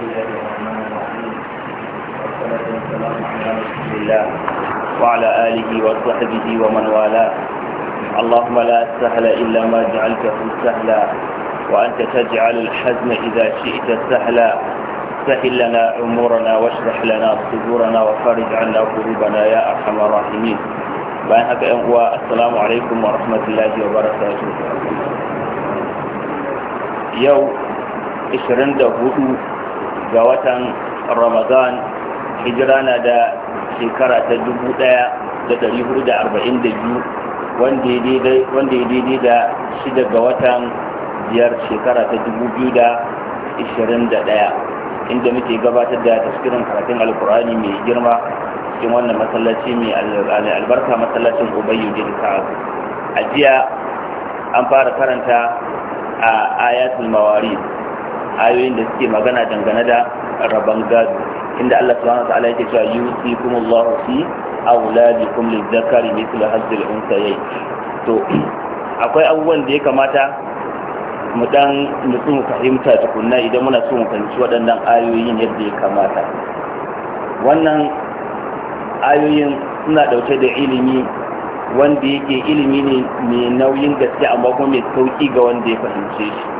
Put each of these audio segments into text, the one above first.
بسم الله الرحمن الرحيم والصلاة والسلام على رسول الله وعلى آله وصحبه ومن والاه اللهم لا سهل إلا ما جعلته سهلا وأنت تجعل الحزن إذا شئت سهلا سهل لنا أمورنا واشرح لنا صدورنا وفرج عنا كروبنا يا أرحم الراحمين bayan haka yan uwa assalamu alaikum wa rahmatullahi wa barakatuh 24 ga watan ramadan hijira na da shekara ta dubu da da biyu, wanda ya daidai da shida ga watan biyar shekara ta dubu biyu da da inda muke gabatar da taskirin karatun alkur'ani mai girma cikin wannan masallaci mai albarka masallacin da ta ka'ab a jiya an fara karanta a ayatul mawari. ayoyin da suke magana dangane da rabon gado inda Allah subhanahu wataala yake cewa yusikumullahu fi auladikum lizakari mithlu al unsayayn to akwai abubuwan da ya kamata mu dan nutsu mu fahimta tukunna idan muna so mu fahimci waɗannan ayoyin yadda ya kamata wannan ayoyin suna ɗauke da ilimi wanda yake ilimi ne mai nauyin gaske amma kuma mai sauƙi ga wanda ya fahimce shi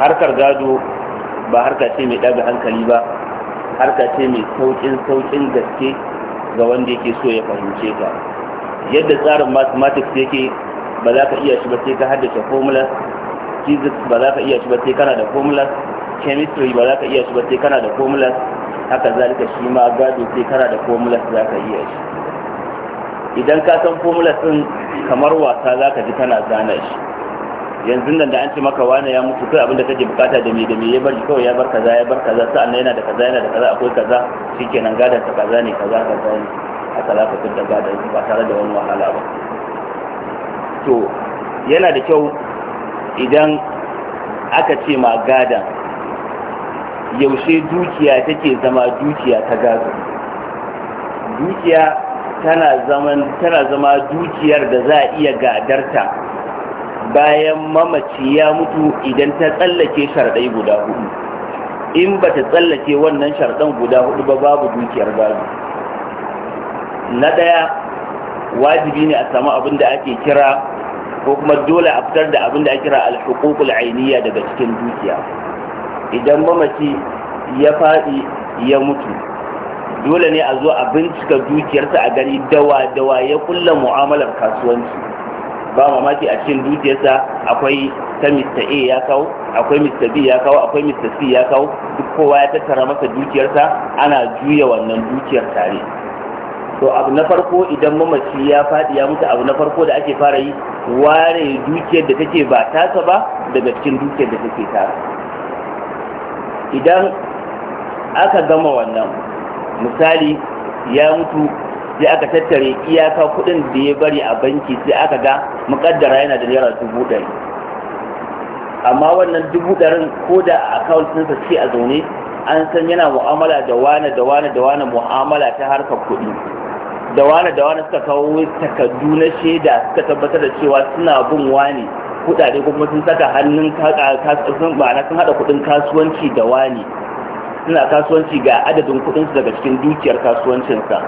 harkar gado ba harka ce mai ɗaga hankali ba harka ce mai sauƙin saukin gaske ga wanda yake so ya fahimce ka yadda tsarin mathematics yake ba za ka iya shi ba sai ka haddace formulas physics ba za ka iya shi ba sai kana da formulas chemistry ba za ka iya shi ba sai kana da formulas haka zalika shi ma gado sai kana da formulas za ka iya shi idan ka san formulas din kamar wasa za ka ji kana zana shi yanzu nan da an ce maka wani ya mutu kai abinda kake bukata da me da me ya bar kawai ya bar kaza ya bar kaza sa'an yana da kaza yana da kaza akwai kaza shikenan gadan ta kaza ne kaza kaza ne A salafa ka fitar gadan ba tare da wani wahala ba to yana da kyau idan aka ce ma gadan yaushe dukiya take zama dukiya ta gado dukiya tana zama dukiyar da za a iya gadarta bayan mamaci ya mutu idan ta tsallake sharɗai guda hudu in ba ta tsallake wannan sharɗan guda hudu ba babu dukiyar gado na ɗaya wajibi ne a samu abin da ake kira ko kuma dole a fitar da abin da ake kira alhukukul ainiya daga cikin dukiya idan mamaci ya faɗi ya mutu dole ne a zo a bincika dukiyarsa a gani dawa dawa ya kulla mu'amalar kasuwanci ba mamaki a cikin dukiyarsa akwai ta Mr. A ya kawo akwai Mr. B ya kawo akwai Mr. C ya kawo duk kowa ya tattara masa dukiyarsa ana juya wannan dukiyar tare to abu na farko idan mamaci ya faɗi ya mutu abu na farko da ake fara yi ware dukiyar da take ba tasa ba daga cikin dukiyar da take tara idan aka gama wannan misali ya mutu sai aka tattare iyaka kuɗin da ya bari a banki sai aka ga mukaddara yana da naira dubu ɗari amma wannan dubu ɗarin ko da a akawun ce a zaune an san yana mu'amala da wane da wane da wane mu'amala ta harka kuɗi da wane da wane suka kawo takardu na shaida suka tabbatar da cewa suna bin wane kudade kuma sun saka hannun ma'ana sun haɗa kuɗin kasuwanci da wane suna kasuwanci ga adadin kuɗinsu daga cikin dukiyar kasuwancinsa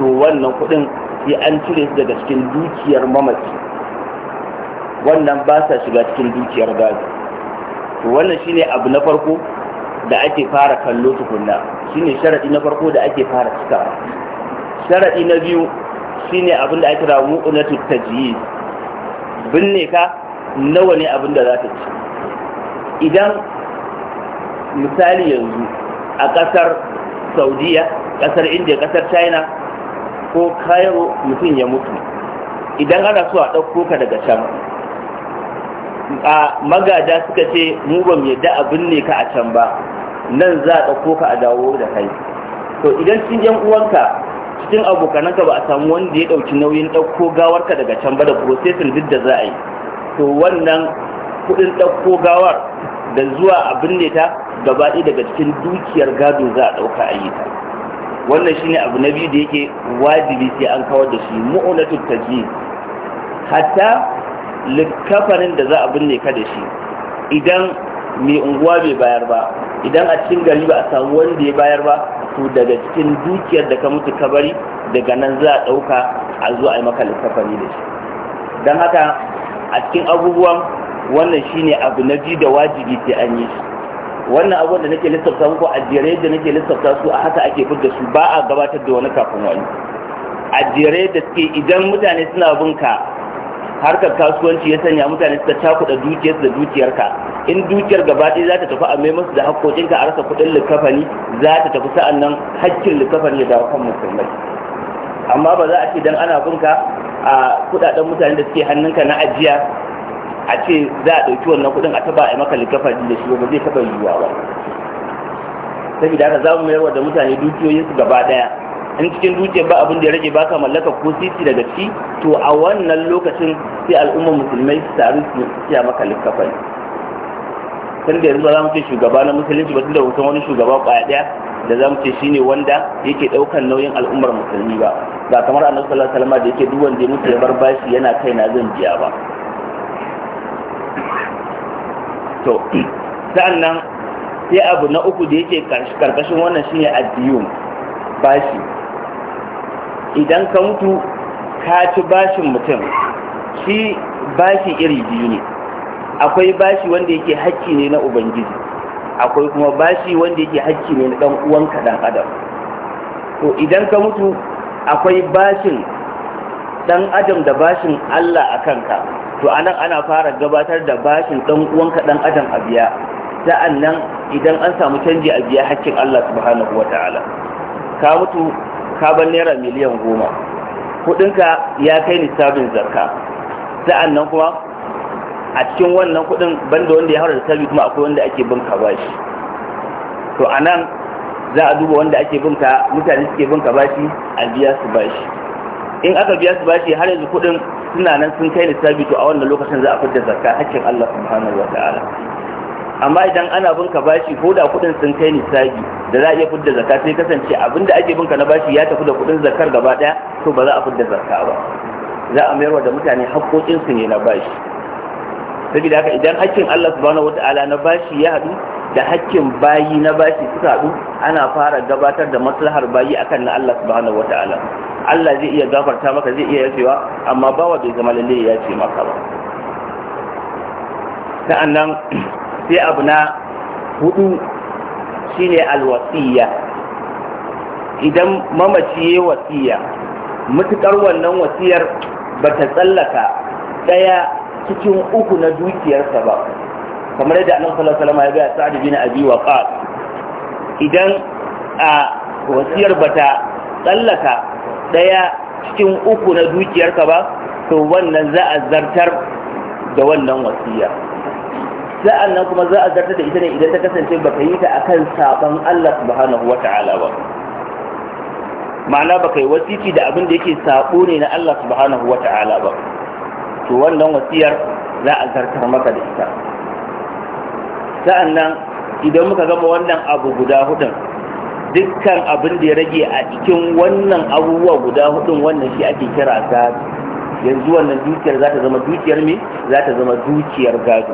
to wannan kuɗin sai an cire su daga cikin dukiyar mamaci wannan ba sa shiga cikin dukiyar gado to wannan shine abu na farko da ake fara kallo tukunna shine sharadi na farko da ake fara cika sharadi na biyu shine abin da ake kira mu'unatu tajyiz binne ka nawa ne abin da za ta ci idan misali yanzu a ƙasar saudiya ƙasar india ƙasar china ko cairo mutum ya mutu idan ana so a ɗauko ka daga can a magada suka ce mu ban yadda abin ne ka a can ba nan za a ɗauko ka a dawo da kai to idan cikin yan uwanka cikin abokananka ba a samu wanda ya ɗauki nauyin ɗauko gawarka daga can ba da prosesin duk da za a yi to wannan kuɗin ɗauko gawar da zuwa abin ne ta gaba ɗaya daga cikin dukiyar gado za a ɗauka ayyuka wannan shi ne abu na biyu da yake wajibi sai an kawar da shi mu'unatut tajhid hatta likafarin da za a binne ka da shi idan mai unguwa bai bayar ba idan a cikin gari ba a samu wanda ya bayar ba to daga cikin dukiyar da ka mutu ka bari daga nan za a ɗauka a zo a yi maka likafari da shi don haka a cikin abubuwan wannan shine abu na biyu da wajibi sai an yi shi wannan abubuwan da nake lissafta muku a jere da nake lissafta su a haka ake fidda su ba a gabatar da wani kafin wani a jere da suke idan mutane suna binka harkar kasuwanci ya sanya mutane suka cakuɗa dukiyarsu da dukiyarka in dukiyar gaba ɗaya za ta tafi a maimaka da haƙƙoƙinka a rasa kuɗin likafani za ta tafi sa'an nan haƙƙin likafani ya dawo kan musulmai amma ba za a ce dan ana binka a kuɗaɗen mutane da suke hannunka na ajiya a ce za a ɗauki wannan kuɗin a taba a yi maka likafari da shi ba zai taba yiwuwa ba Sabida haka za mu mayar da mutane su gaba ɗaya in cikin dukiyar ba abin da ya rage ba ka mallaka ko titi daga ci to a wannan lokacin sai al'ummar musulmai su taru su siya maka likafari kan da yanzu za mu ce shugaba na musulunci ba tunda da wani shugaba kwaya daya da za mu ce shine wanda yake daukan nauyin al'ummar musulmi ba ba kamar annabi sallallahu alaihi wasallam da yake duk wanda ya mutu ya bar bashi yana kaina zan biya ba to sa'annan sai abu na uku da yake karkashin wannan shine addiyun bashi idan ka mutu ka ci bashin mutum shi bashi iri biyu ne akwai bashi wanda yake hakki ne na ubangiji akwai kuma bashi wanda yake hakki ne na dan uwanka dan adam to idan ka mutu akwai bashin dan adam da bashin Allah a kanka to anan ana fara gabatar da bashin dan uwanka dan adam a biya sa'annan idan an samu canji a biya hakkin Allah subhanahu wataala ka mutu ka bar naira miliyan goma kudinka ya kai lissafin zakka sa'annan kuma a cikin wannan kudin banda wanda ya haura da sabi kuma akwai wanda ake bin ka bashi to anan za a duba wanda ake bin ka mutane suke bin ka bashi a biya su bashi in aka biya su bashi har yanzu kudin suna nan sun kai lissafi to a wannan lokacin za a fidda zakka hakkin Allah subhanahu wataala amma idan ana bin ka bashi ko da kuɗin sun kai lissafi da za a iya fidda zakka sai kasance abinda ake bin ka na bashi ya tafi da kuɗin zakkar gaba ɗaya to ba za a fidda zakka ba za a mayarwa da mutane su ne na bashi saboda haka idan hakkin Allah subhanahu wataala na bashi ya haɗu da hakkin bayi na bashi suka haɗu ana fara gabatar da maslahar bayi akan na Allah subhanahu wataala Allah zai iya gafarta maka zai iya yafewa amma bawa bai zama lalle ya ce maka ba sa'annan sai abu na hudu shine alwasiya idan mamaci ya wasiya mutukar wannan wasiyar ba ta tsallaka daya cikin uku na dukiyarsa ba kamar yadda annabi sallallahu alaihi wasallam ya ga sa'ad bin abi waqas idan a wasiyar ba ta tsallaka ɗaya cikin uku na dukiyarka ba to wannan za a zartar da wannan wasiya sa'an nan kuma za a zartar da ita ne idan ta kasance baka yi ta akan sabon Allah subhanahu wata'ala ba ma'ana baka yi wasiki da abin da yake sabo ne na Allah subhanahu wata'ala ba to wannan wasiyar za a zartar maka da ita Sa'annan nan idan muka gama wannan abu guda hudun dukkan abin da ya rage a cikin wannan abubuwa guda hudun wannan shi ake kira gado yanzu wannan dukiyar za ta zama dukiyar me za ta zama dukiyar gado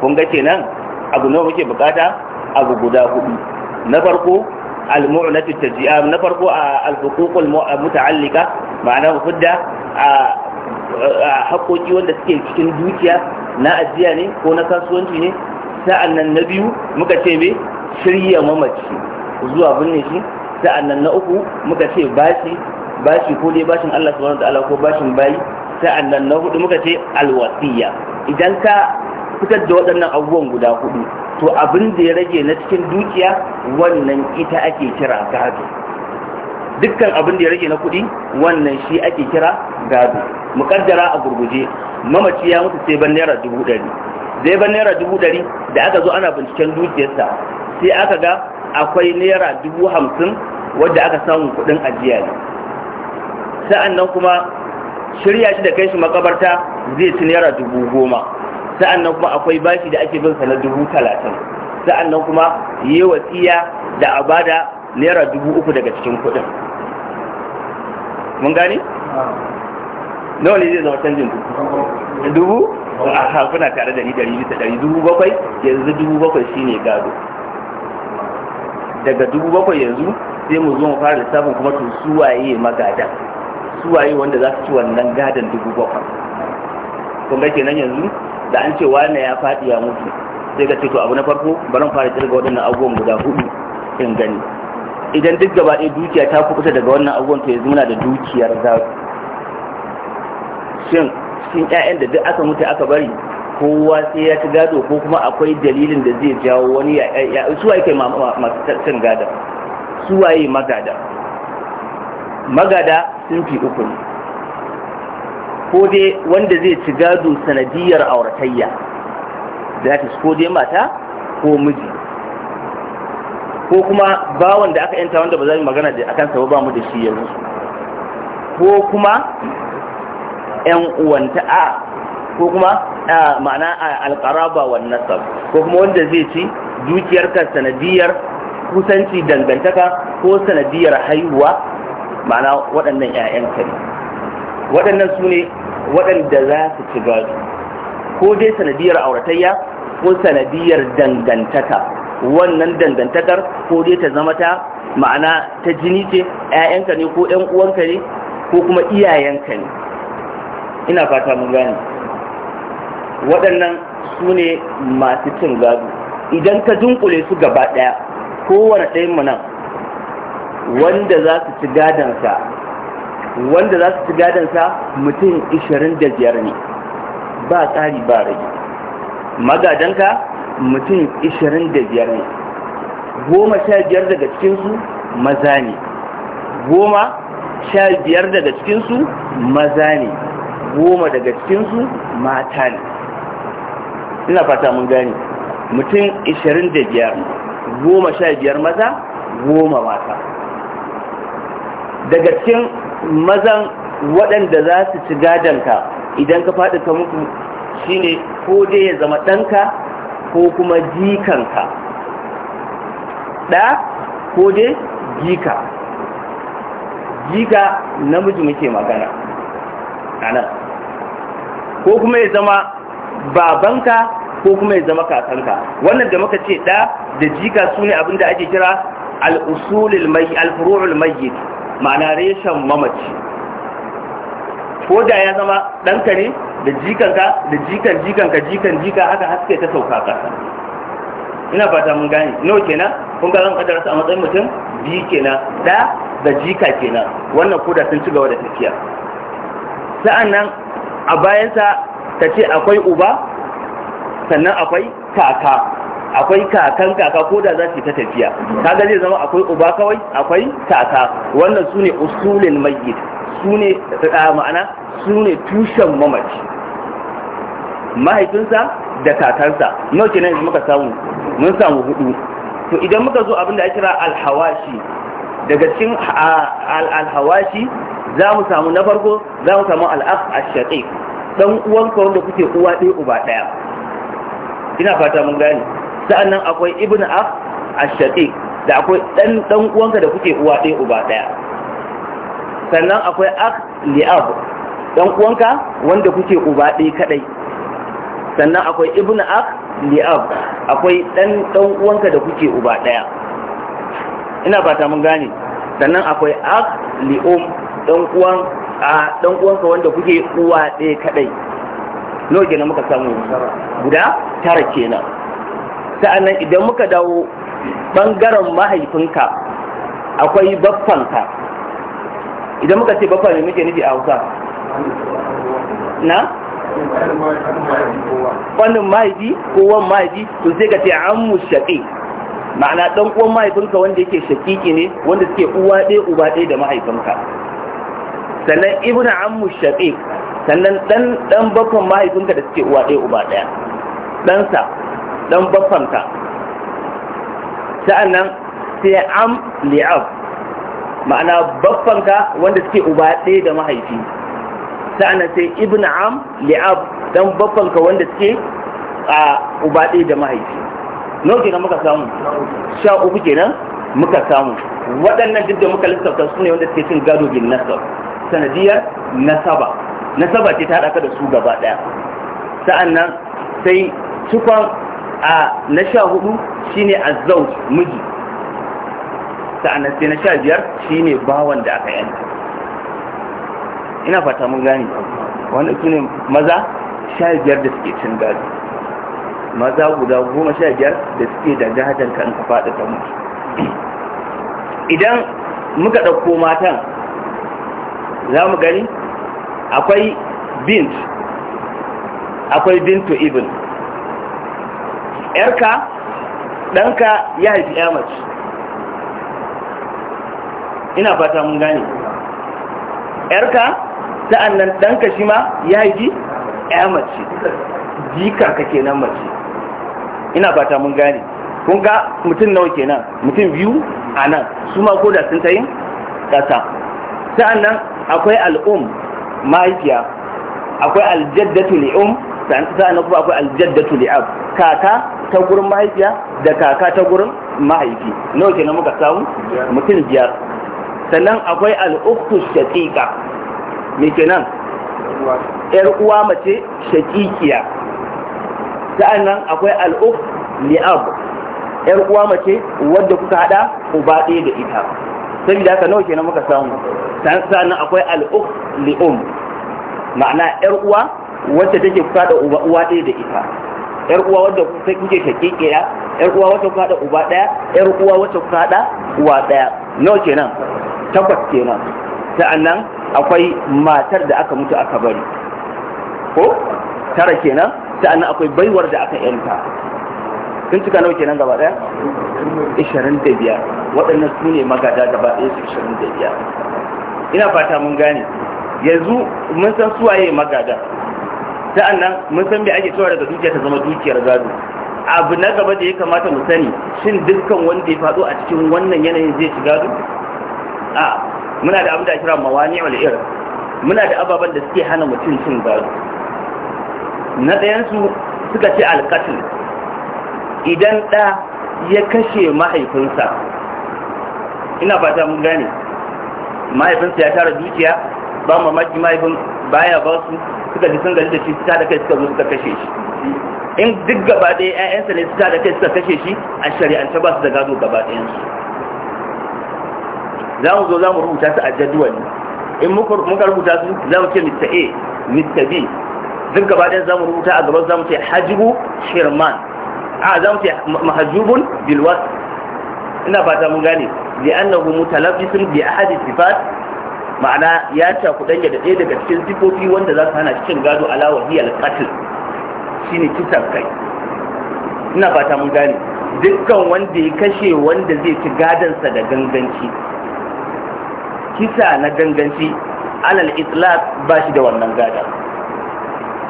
kun ga kenan abu nawa muke bukata abu guda hudu na farko al-mu'natu tajia na farko al-huququl muta'alliqa ma'ana hudda haƙoƙi wanda suke cikin dukiya na ajiya ne ko na kasuwanci ne sa'annan na biyu muka ce me shirya mamaci zuwa binne shi sa'annan na uku muka ce bashi bashi ko dai bashin Allah subhanahu wataala ko bashin bayi sa'annan na hudu muka ce alwasiya idan ka fitar da waɗannan abubuwan guda hudu to abin da ya rage na cikin dukiya wannan ita ake kira gado dukkan abin da ya rage na kuɗi wannan shi ake kira gado mukaddara a gurguje mamaci ya mutu sai ban naira dubu ɗari zai ban naira dubu ɗari da aka zo ana binciken dukiyarsa sai aka ga akwai naira dubu hamsin wadda aka samu kudin ajiya ne sa'an nan kuma shirya shi da kai shi makabarta zai ci naira dubu goma sa'an nan kuma akwai bashi da ake bin sa na dubu talatin sa'an nan kuma yi wasiya da a bada naira dubu uku daga cikin kudin mun gani? nawa ne zai zama canjin dubu? dubu? a kuna tare da ni dari bisa dari dubu bakwai yanzu dubu bakwai shine gado daga dubu bakwai yanzu sai mu zo mu fara lissafin kuma to suwaye magadan suwaye wanda za su ci wannan gadan dubu bakwai kun ga kenan yanzu da an ce wani ya faɗi ya mutu sai ka ce to abu na farko bari mu fara kirga waɗannan abubuwan guda hudu in gani idan duk gaba ɗaya dukiya ta kusa daga wannan abubuwan to yanzu muna da dukiyar za shin cikin 'ya'yan da duk aka mutu aka bari kowa sai ya ci gado ko kuma akwai dalilin da zai jawo wani ya suwa yake masu cin gada yi magada magada sun fi uku ne ko dai wanda zai ci gado sanadiyar auratayya za ta ko dai mata ko miji ko kuma bawan da aka yanta wanda ba za mu magana da akan ba mu da shi yanzu ko kuma 'yan uwanta a ko kuma ma'ana alƙaraba wan nasab ko kuma wanda zai ci dukiyarka sanadiyar kusanci dangantaka ko sanadiyar haihuwa ma'ana waɗannan 'ya'yan ka ne waɗannan su ne waɗanda za su ci gado ko dai sanadiyar auratayya ko sanadiyar dangantaka wannan dangantakar ko dai ta zama ta ma'ana ta jini ce 'ya'yanka ne ko 'yan uwanka ne ko kuma iyayenka ne ina fata mun gane waɗannan su ne masu cin gado idan ka dunkule su gaba ɗaya kowane ɗayan mu nan wanda za su ci gadansa wanda za su ci gadansa mutum 25 ne ba tsari ba rage magadanka mutum 25 ne goma sha biyar daga cikinsu maza ne goma sha biyar daga cikinsu maza ne goma daga cikinsu mata ne ina fata mun gani mutum 25 goma sha biyar maza goma mata daga cikin mazan waɗanda za su ci ka idan ka faɗi ka mutu shine ko dai ya zama ɗanka ko kuma jikanka ɗa ko dai jika jika namiji muke magana a ko kuma ya zama babanka ko kuma ya zama kakanka wannan da muka ce da da jika su ne abinda ake kira al'usulul mai alfuru'ul mayyit ma'ana reshen mamaci ko da ya zama ɗanka ne da jikanka da jikan jikanka jikan jika haka haske ta sauka ƙasa. ina fata mun gane nawa kenan kun ga zan kaddara a matsayin mutum Bi kenan da da jika kenan wannan koda sun ci gaba da tafiya sa'annan a bayansa ka ce akwai uba sannan akwai kaka akwai kakan kaka ko da za su ta tafiya kaga zai zama akwai uba kawai akwai kaka wannan su ne usulin mayyit su ne ma'ana su ne tushen mamaci mahaifinsa da kakansa nau ke yanzu muka samu mun samu hudu to idan muka zo abin da ake kira alhawashi daga cikin alhawashi za mu samu na farko za mu samu al'aq a dan uwanka wanda kuke uwa ɗaya uba ɗaya ina fata mun gane sa'annan akwai ibnu akh ash-shaqiq da akwai dan dan uwanka da kuke uwa ɗaya uba ɗaya sannan akwai akh li'ab dan uwanka wanda kuke uba ɗaya kadai sannan akwai ibnu akh li'ab akwai dan dan uwanka da kuke uba ɗaya ina fata mun gane sannan akwai akh li'um dan uwan a ɗan uwanka wanda kuke uwa ɗaya kaɗai, nawa kenan muka samu guda tara kenan sa'annan idan muka dawo ɓangaren mahaifinka akwai baffanka idan muka ce baffa ne muke nufi a hausa na wannan mahaifi ko wan mahaifi to sai ka ce an mu shaƙi ma'ana ɗan uwan mahaifinka wanda yake shaƙiƙi ne wanda suke uwa ɗaya uba ɗaya da mahaifinka sannan Ibn ammu shaqiq sannan dan dan bakon mahaifinka da suke uwa ɗaya uba ɗaya ɗansa dan bakonka sa'annan sai am li'ab ma'ana bakonka wanda suke uba ɗaya da mahaifi sa'annan sai Ibn am li'ab dan bakonka wanda suke a uba ɗaya da mahaifi Nawa kenan muka samu sha uku kenan muka samu waɗannan duk da muka lissafta su ne wanda suke cin gado bin nasar sanadiyar nasaba nasaba ce ta haɗa ka da su gaba ɗaya sa'annan sai cikon a na sha hudu shine azzauj miji sa'annan sai na sha biyar shine bawan da aka yanta ina fata mun gane wanda su ne maza sha biyar da suke cin gado maza guda goma sha biyar da suke da gadon kan kafa da ta mutu idan muka ɗauko matan za mu gani akwai bint akwai bintu ibn yarka ɗanka ya haifi yamaci ina fata mun gane yarka nan ɗanka shi ma ya haifi yamaci jika ka kenan mace ina fata mun gane kun ga mutum nawa kenan mutum biyu a nan su ma koda sun ta yin ƙasa nan. akwai al'um mahaifiya akwai aljaddatu li'um na kuma akwai aljaddatu li'ab kaka ta gurin mahaifiya da kaka ta gurin mahaifi nawa kenan muka samu mutum biyar sannan akwai al'uktu shaqiqa me nan? yar uwa mace shaqiqiya nan akwai al'uk li'ab yar uwa mace wadda kuka hada ba ɗaya da ita saboda haka nawa kenan muka samu sannan akwai al'uk li'um ma'ana yar uwa wacce take kuka da uba uwa ɗaya da ita yar uwa wadda kuka kike shakikiya yar uwa wacce kuka da uba ɗaya yar uwa wacce kuka da uwa ɗaya nawa kenan tabbas kenan sannan akwai matar da aka mutu aka bari ko tara kenan sannan akwai baiwar da aka yanka sun cika nawa nan gaba daya 25 waɗannan su ne magada gaba ɗaya su 25 ina fata mun gane yanzu mun san suwaye magada nan mun san me ake cewa daga dukiya ta zama dukiyar gado abu na gaba da ya kamata mu sani shin dukkan wanda ya faɗo a cikin wannan yanayin zai shiga gado a muna da abin da kira mawani wal ir muna da ababen da suke hana mutum cin gado na ɗayan su suka ce alqatl idan ɗa ya kashe mahaifinsa ina fata mun gane mahaifinsa ya tara dukiya ba mamaki mahaifin baya ba su suka ji sun gari da shi ta da kai suka zo suka kashe shi in duk gaba ɗaya 'ya'yansa ne ta da kai suka kashe shi a shari'ance ba su da gado gaba ɗayansu za mu zo za mu rubuta su a jadwali in muka rubuta su za mu ce mr a mr b duk gaba ɗaya za mu rubuta a gaban za mu ce hajibu shirman a za mu ce mahajubun bilwas. ina ina fata mun gane li annahu mutalabbisun bi ahadi sifat ma'ana ya ta danya da ɗaya daga cikin sifofi wanda za su hana cikin gado ala wahiyal qatl shine kisan kai ina fata mun gane dukkan wanda ya kashe wanda zai ci gadansa da ganganci kisa na ganganci alal itlaq ba shi da wannan gada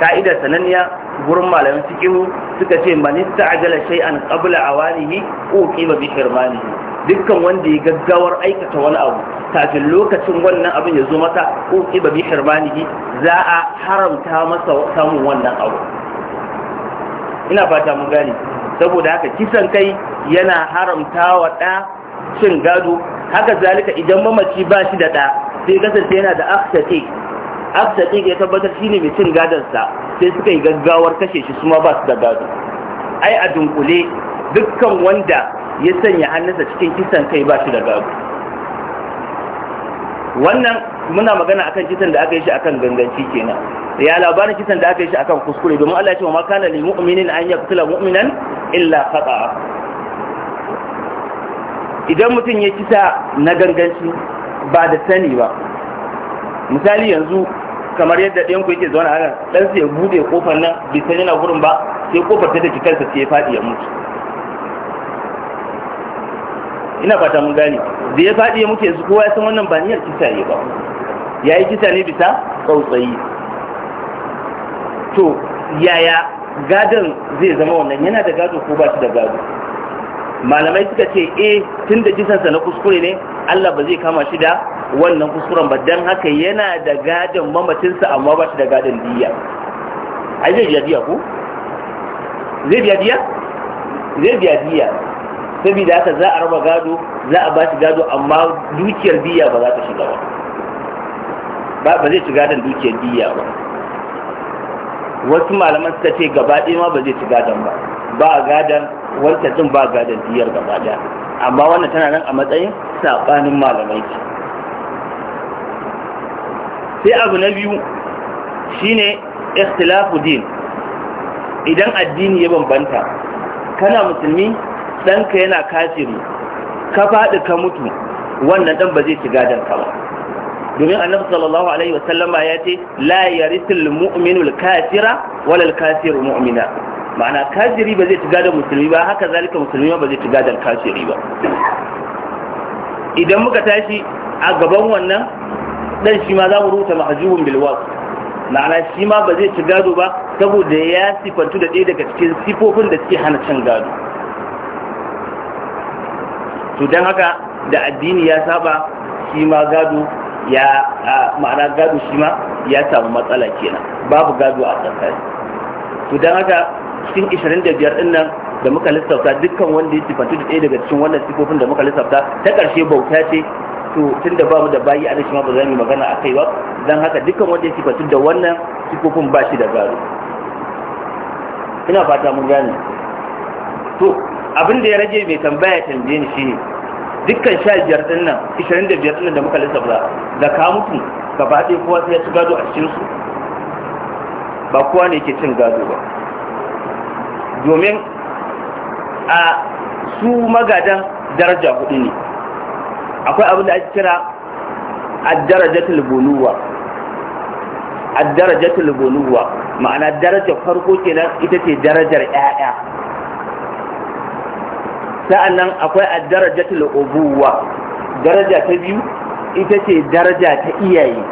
ka'idar sananniya gurin malamin cikin suka ce man ista'jala shay'an qabla awanihi uqiba bi hirmanihi dukkan wanda ya gaggawar aikata wani abu kafin lokacin wannan abin ya zo masa uqiba bi hirmanihi za a haramta masa samun wannan abu ina fata mun gane saboda haka kisan kai yana haramta wa ɗa cin gado haka zalika idan mamaci ba shi da ɗa sai kasance yana da aksate abdaƙiƙ ya tabbatar shine mai cin gadonsa sai suka yi gaggawar kashe shi su ma ba su da gado ai a dunkule dukkan wanda ya sanya hannunsa cikin kisan kai ba shi da gado wannan muna magana akan kisan da aka yi shi akan ganganci kenan ya labarin kisan da aka yi shi akan kuskure domin Allah ya ce wa ma kana lil mu'minin an yaqtula mu'minan illa khata'a idan mutum ya kisa na ganganci ba da sani ba misali yanzu kamar yadda ɗayan ku yake zaune a hanyar dan sai ya bude kofar nan bai san yana gurin ba sai kofar ta daki kansa sai ya faɗi ya mutu ina fata mun gane da ya faɗi ya mutu yanzu kowa ya san wannan ba niyyar kisa ne ba ya yi kisa ne bisa tsautsayi to yaya gadon zai zama wannan yana da gado ko ba shi da gado malamai suka ce eh tun da jisansa na kuskure ne Allah ba zai kama shi da wannan kuskuren ba don haka yana da gadon mamacinsa amma ba shi da gadon diya ai zai biya diya ko zai biya diya zai biya diya saboda haka za a raba gado za a ba shi gado amma dukiyar diya ba za ta shiga ba ba zai ci gadon dukiyar diya ba wasu malaman suka ce gaba ɗaya ma ba zai ci gadon ba ba gadan wancan din ba gadan diyar gaba daya amma wannan tana nan a matsayin sabanin malamai ce sai abu na biyu shine ikhtilafu din idan addini ya bambanta kana musulmi ɗanka yana kafiri ka faɗi ka mutu wannan ɗan ba zai ci gadon ka ba domin annabi sallallahu alaihi wasallama ya ce la yarisul mu'minul kafira wal kafiru mu'mina ma'ana kafiri ba zai ci gadon musulmi ba haka zalika musulmi ba zai ci gadon kafiri ba idan muka tashi a gaban wannan dan shi ma za mu rubuta mahjubun bil waqf ma'ana shi ma ba zai ci gado ba saboda ya sifantu da ɗaya daga cikin sifofin da suke hana cin gado to dan haka da addini ya saba shi ma gado ya ma'ana gado shi ma ya samu matsala kenan babu gado a tsakani to dan haka cikin 25 din nan da muka lissafta dukkan wanda ya sifantu da ɗaya daga cikin wannan sifofin da muka lissafta ta ƙarshe bauta ce to tun ba mu da bayi a ma ba za mu magana a kai ba don haka dukkan wanda ya sifantu da wannan sifofin ba shi da gado ina fata mun gane to abin da ya rage mai tambaya tambaye ni shine dukkan biyar din nan 25 din nan da muka lissafta da ka mutu gaba ɗaya kowa sai ya ci gado a cikin su ba kowa ne ke cin gado ba domin a su magadan daraja hudu ne akwai abin da ake kira addarajatul buluwa addarajatul buluwa ma'ana darajar farko kenan ita ce darajar ƴaƴa sa'annan akwai addarajatul ubuwa daraja ta biyu ita ce daraja ta iyaye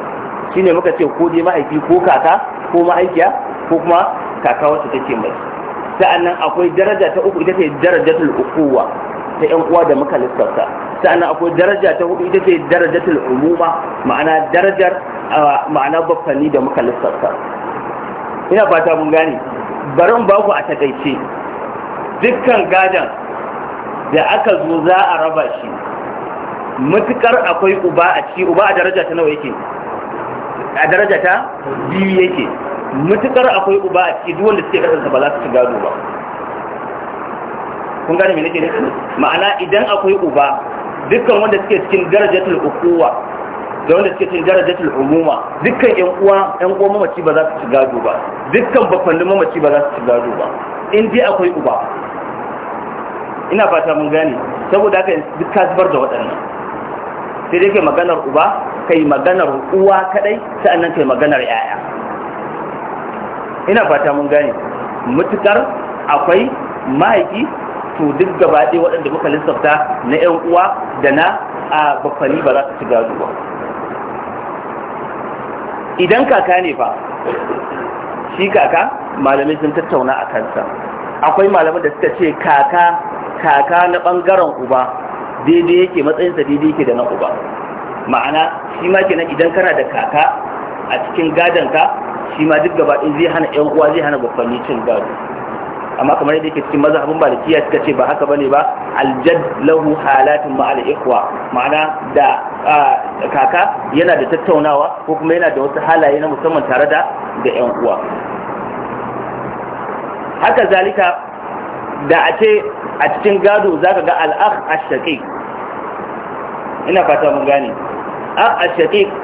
shine muka ce ko dai mahaifi ko kaka ko mahaifiya ko kuma kaka wacce take mai sa'annan akwai daraja ta uku ita ce darajatul ukuwa ta yan uwa da muka lissafta sa'annan akwai daraja ta hudu ita ce darajatul umuma ma'ana darajar ma'ana baffani da muka lissafta ina fata mun gane bari in baku a takaice dukkan gadan da aka zo za a raba shi mutukar akwai uba a ci uba a daraja ta nawa yake a daraja ta biyu yake mutukar akwai uba a ciki duwanda suke kasarsa ba za su ci gado ba kun gane mai nake ne? ma'ana idan akwai uba dukkan wanda suke cikin darajar ukuwa da wanda suke cikin darajar umuma dukkan yan uwa yan uwa mamaci ba za su ci gado ba dukkan bafannin mamaci ba za su ci gado ba in dai akwai uba ina fata mun gane saboda haka duk ka zubar da waɗannan sai dai kai maganar uba kai maganar uwa kadai sa'annan kai maganar yaya ina fata mun gane mutukar akwai mahaifi to duk gaba ɗaya waɗanda muka lissafta na 'yan uwa da na a bakwani ba za su ci gado idan kaka ne fa shi kaka malamai sun tattauna a kansa akwai malamai da suka ce kaka kaka na ɓangaren uba daidai yake matsayinsa daidai yake da na uba ma'ana shi ma kenan idan kana da kaka a cikin gadon ka. shi ma duk gaba ɗin zai hana ƴan uwa zai hana bakwanni cin gado amma kamar yadda yake cikin mazhabin malikiya suka ce ba haka bane ba aljad lahu halatun ma al ma'ana da kaka yana da tattaunawa ko kuma yana da wasu halaye na musamman tare da da ƴan uwa haka zalika da a ce a cikin gado ka ga al-akh ina fata mun gane akh ash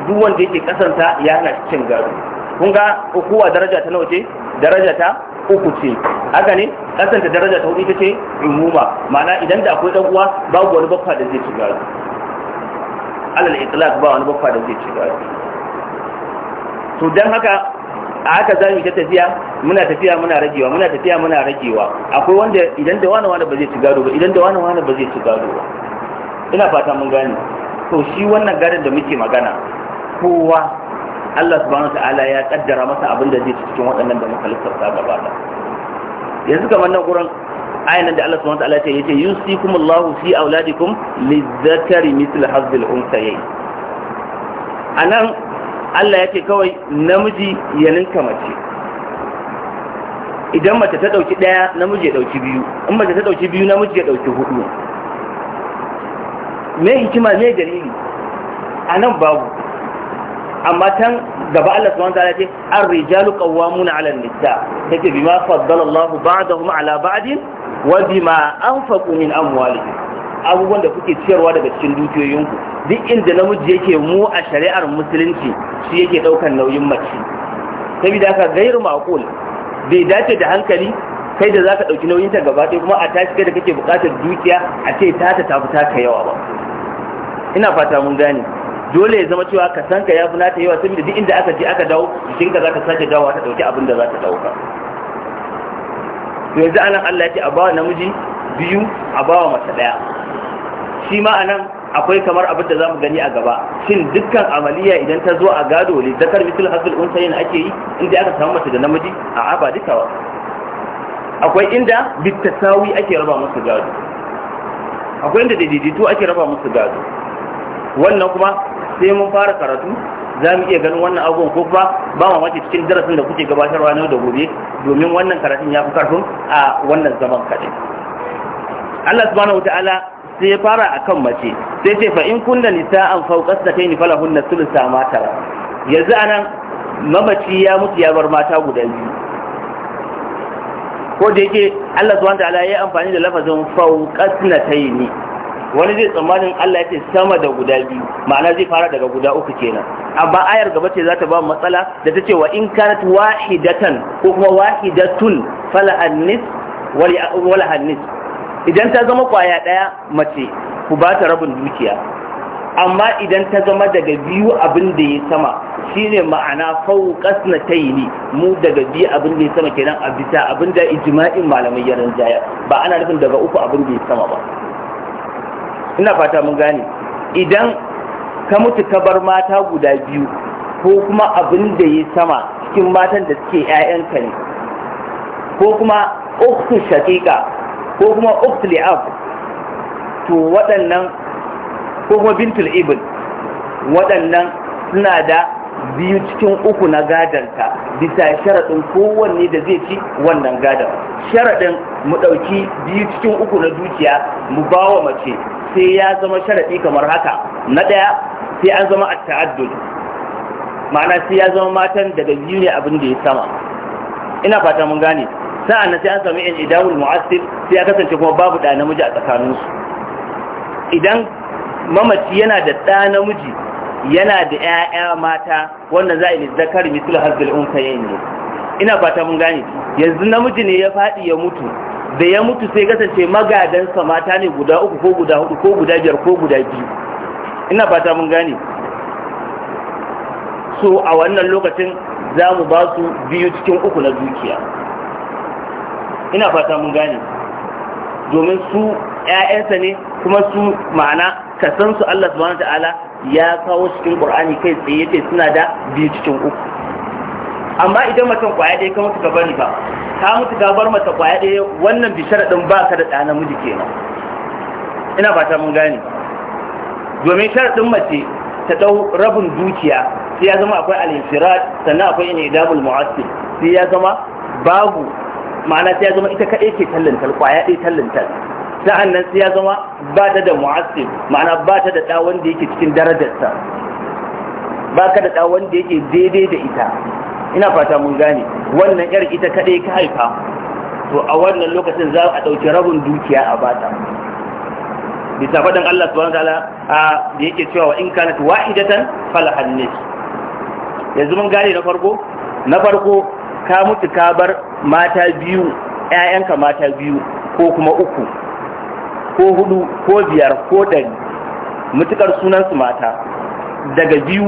duk wanda yake kasanta yana cikin gado kun ga ukuwa daraja ta nawa daraja ta uku ce haka ne kasanta daraja ta hudu ita ce umuma ma'ana idan da akwai dan uwa babu wani baffa da zai ci gado alal itlaq ba wani baffa da zai ci gado to dan haka a haka zamu ta tafiya muna tafiya muna ragewa muna tafiya muna ragewa akwai wanda idan da wani wani ba zai ci gado ba idan da wani wani ba zai ci gado ba ina fata mun gane to shi wannan gadon da muke magana kowa Allah subhanahu ta'ala ya kaddara masa abin da zai ci cikin waɗannan da muka lissafta gaba da yanzu kamar nan gurin ayan da Allah subhanahu ta'ala ya ce yusikum Allahu fi auladikum lizakari mithl hazzil unsayayn anan Allah ya ce kawai namiji ya ninka mace idan mace ta ɗauki ɗaya namiji ya ɗauki biyu in mace ta ɗauki biyu namiji ya ɗauki hudu me hikima me dalili a nan babu amma tan gaba Allah subhanahu wa ce ar-rijalu qawwamuna 'ala an-nisa take bima faddala Allah ba'dahum 'ala ba'din wa bima anfaqu min amwalihim abubuwan da kuke ciyarwa daga cikin dukiyoyinku duk inda namiji yake mu a shari'ar musulunci shi yake ɗaukar nauyin mace saboda haka gairu maqul bai dace da hankali kai da zaka ɗauki nauyin ta gaba ɗaya kuma a tashi kai da kake bukatar dukiya a ce ta ta tafi ta yawa ba ina fata mun gane dole ya zama cewa ka san ka fi nata yawa saboda duk inda aka je aka dawo ka za ta sake dawowa ta dauki abin da za ta dauka yanzu anan Allah ya ce a bawa namiji biyu a bawa mace daya shi ma anan akwai kamar abin da zamu gani a gaba shin dukkan amaliya idan ta zo a gado ne zakar hasil hasul yana ake yi inda aka samu mace da namiji a aba dukawa akwai inda bitasawi ake raba musu gado akwai inda daidaito ake raba musu gado wannan kuma sai mun fara karatu za mu iya ganin wannan abubuwan ko kuma ba ma wace cikin darasin da kuke gabatarwa na da gobe domin wannan karatun ya fi karfin a wannan zaman kaɗai Allah subhanahu wataala sai ya fara akan mace sai ce fa in kunna nisa'an fawqas da kai ni falahunna na sulusa mata. yanzu anan mamaci ya mutu ya bar mata guda biyu ko da yake Allah subhanahu wataala ya amfani da lafazin fawqas na ni. wani zai tsammanin Allah ya ce sama da guda biyu ma'ana zai fara daga guda uku kenan amma ayar gaba ce za ta ba matsala da ta ce wa in kanat wahidatan ko kuma wahidatun fala annis wala annis idan ta zama kwaya daya mace ku ba ta rabin dukiya amma idan ta zama daga biyu abin da ya sama shine ma'ana ta na ni mu daga biyu abin da ya sama kenan a bisa abin da ijima'in malamai yaran jaya ba ana nufin daga uku abin da ya sama ba ina fata mun gane idan ka mutu ka bar mata guda biyu ko kuma abin da yi sama cikin matan da suke 'ya'yanka ne ko kuma uktu shaqiqa ko kuma uktu li'ab to waɗannan ko kuma bintul ibn waɗannan suna da biyu cikin uku na gadanta bisa sharaɗin kowanne da zai ci wannan gadan sharaɗin mu ɗauki biyu cikin uku na dukiya mu ba wa mace sai ya zama sharaɗi kamar haka na ɗaya sai an zama a ma'ana sai ya zama matan daga biyu ne abin da ya sama ina fata mun gane sa'an nan sai an sami yan idawul mu'assir sai ya kasance kuma babu ɗa namiji a tsakaninsu idan mamaci yana da ɗa namiji yana da ‘ya'ya mata wannan za a yi zakar mitul hazbil unsa ne ina fata mun gane yanzu namiji ne ya faɗi ya mutu da ya mutu sai kasance magadansa mata ne guda uku ko guda hudu ko guda biyar ko guda biyu ina fata mun gane so a wannan lokacin za mu ba su biyu cikin uku na dukiya ina fata mun gane domin su 'ya'yansa ne kuma su ma'ana su Allah subhanahu wa ta'ala ya kawo cikin Qur'ani kai tsaye yace suna da biyu cikin uku amma idan mutum kwaya ɗaya ka mutu ka bari ba ka mutu ka bar mata kwaya ɗaya wannan bishara ɗin ba ka da ɗa namiji kenan ina fata mun gane domin ɗin mace ta ɗau rabin dukiya sai ya zama akwai al sannan akwai ina idabul mu'assil sai ya zama babu ma'ana sai ya zama ita kaɗai ke tallantar kwaya ɗaya tallantar sa'an nan sai ya zama ba ta da mu'assil ma'ana ba ta da ɗa wanda yake cikin darajarsa ba ka da ɗa wanda yake daidai da ita ina fata mun gane wannan yar ita kadai ka haifa to a wannan lokacin za a ɗauki rabin dukiya a bata bisa faɗin Allah subhanahu ta'ala a da yake cewa wa in kanat wahidatan falahan nis yanzu mun gane na farko na farko ka mutu ka bar mata biyu ƴaƴanka mata biyu ko kuma uku ko hudu ko biyar ko dari, mutukar sunansu mata daga biyu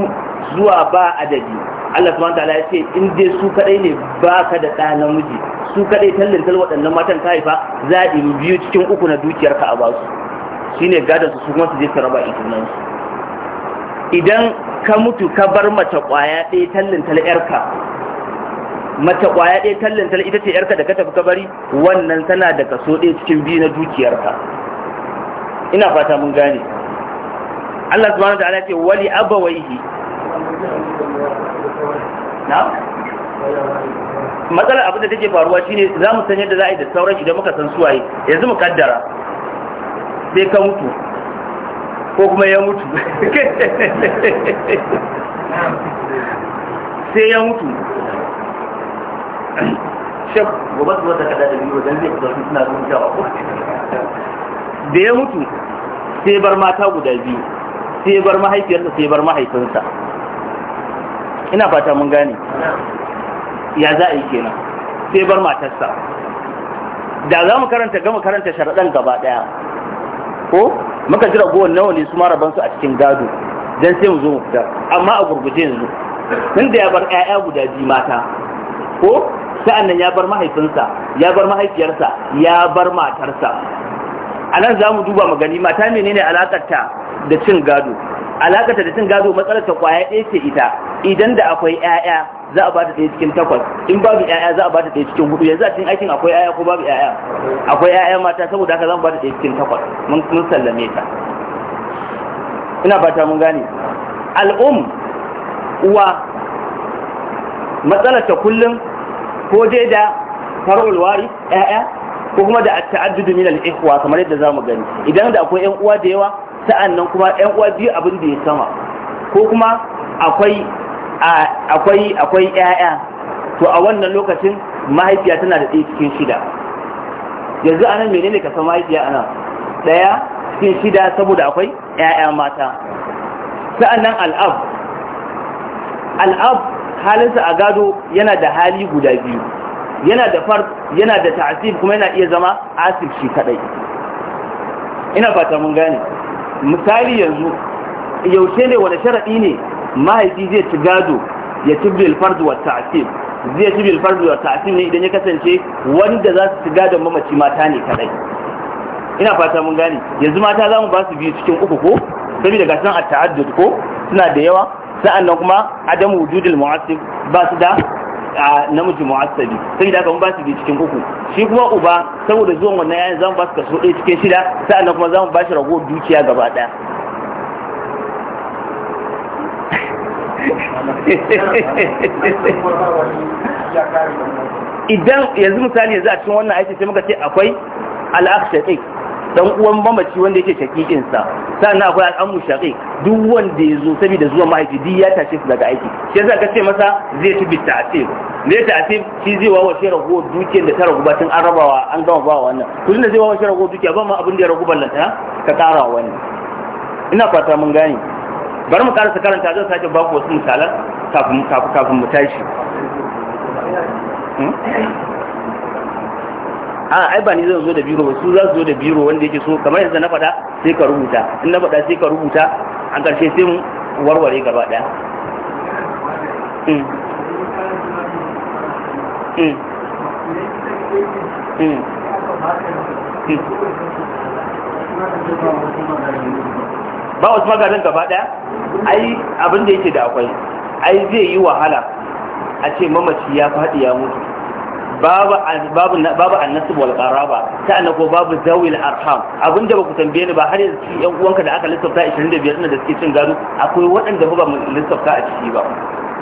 zuwa ba adadi Allah subhanahu wataala ya ce in dai su kadai ne baka da ɗa namiji su kadai tal waɗannan matan ta haifa za a yi biyu cikin uku na dukiyarka a basu shine gadon su kuma su je su raba itunan su idan ka mutu ka bar mace ƙwaya ɗaya tallantar yarka mace ƙwaya ɗaya tal ita ce yarka da ka tafi ka bari wannan tana da kaso ɗaya cikin biyu na dukiyarka ina fata mun gane Allah subhanahu wataala ya ce wali abawaihi na matsalar abin da take faruwa shine za mu san yadda za a yi da sauran idan muka san suwaye yanzu mu kaddara sai ka mutu ko kuma ya mutu sai ya mutu shek gobe su wata kada da biyu wajen zai kusa suna rubutawa ko da ya mutu sai bar mata guda biyu sai bar mahaifiyarsa sai bar mahaifinsa ina fata mun gane ya za a yi kenan sai bar matarsa da za mu karanta gama karanta sharaɗan gaba ɗaya ko muka jira gowar nawa ne su ma su a cikin gado don sai mu zo mu fitar amma a gurguje yanzu tun da ya bar ƴaƴa guda biyu mata ko sa'annan ya bar mahaifinsa ya bar mahaifiyarsa ya bar matarsa a nan za mu duba magani mata menene alakarta da cin gado alakata da cin gado matsalar ta kwaya ɗaya ce ita idan da akwai ƴaƴa za a bata ɗaya cikin takwas in babu ƴaƴa za a bata ɗaya cikin hudu yanzu a cikin aikin akwai ƴaƴa ko babu ƴaƴa akwai ƴaƴa mata saboda haka zan bata ɗaya cikin takwas mun mun sallame ta ina fata mun gane al'um uwa matsalar ta kullum ko dai da far'ul wari ƴaƴa ko kuma da ta'addudu min al-ikhwa kamar yadda zamu gani idan da akwai ƴan uwa da yawa sa'annan kuma yan uwa biyu abin da ya sama ko kuma akwai akwai yaya ƴaƴa to a wannan lokacin mahaifiya tana da ɗaya cikin shida yanzu anan menene ka san mahaifiya anan ɗaya cikin shida saboda akwai ƴaƴa mata sa'annan al'ab al'ab halinsa a gado yana da hali guda biyu yana da far yana da ta'asib kuma yana iya zama asib shi kadai ina fata mun gane misali yanzu yaushe ne wani sharaɗi ne mahaifi zai ci gado ya ci bil wa ta'asim zai ci bil wa ta'asim ne idan ya kasance wanda za su ci gado mamaci mata ne kadai ina fata mun gane yanzu mata za mu ba su biyu cikin uku ko saboda ga san a taaddud ko suna da yawa sa'annan kuma adamu wujudul mu'assib ba su da namiji mu'assabi sai da kan ba su cikin uku shi kuma uba saboda zuwan wannan yayin zan ba su kaso ɗaya cikin shida sa'annan kuma zamu ba shi rago dukiya gaba ɗaya idan yanzu misali yanzu a cikin wannan aiki sai muka ce akwai al'akshaƙi dan uwan mamaci wanda yake shakikin sa sannan akwai al'amu shaqi duk wanda ya zo saboda zuwa mahaifi duk ya tashi daga aiki shi yasa ka ce masa zai ci bi ta'sib zai ta'sib shi zai wawa shi rago dukiyar da ta ragu ba tun an raba wa, an gama ba wannan kudin da zai wawa shi rago dukiya ba ma abin da ya ragu ballanta ka kara wani ina fata mun gane bari mu karasa karanta zan sake baku wasu misalan kafin kafin mu tashi hmm? a ai ba ni zan zo da biro ba su za su zo da biro wanda yake so kamar yanzu na faɗa sai ka rubuta in na faɗa sai ka rubuta an ƙarshe sai mu warware gaba ɗaya mm. Mm. Mm. ba wasu maganin gaba ɗaya ai abin da yake da akwai ai zai yi wahala a ce mamaci ya faɗi ya mutu babu babu babu annasib wal qaraba sa'annan ko babu zawil arham abinda ba ku tambaye ni ba har yanzu yan uwanka da aka lissafta 25 din da suke cin gado akwai waɗanda ba mu lissafta a ciki ba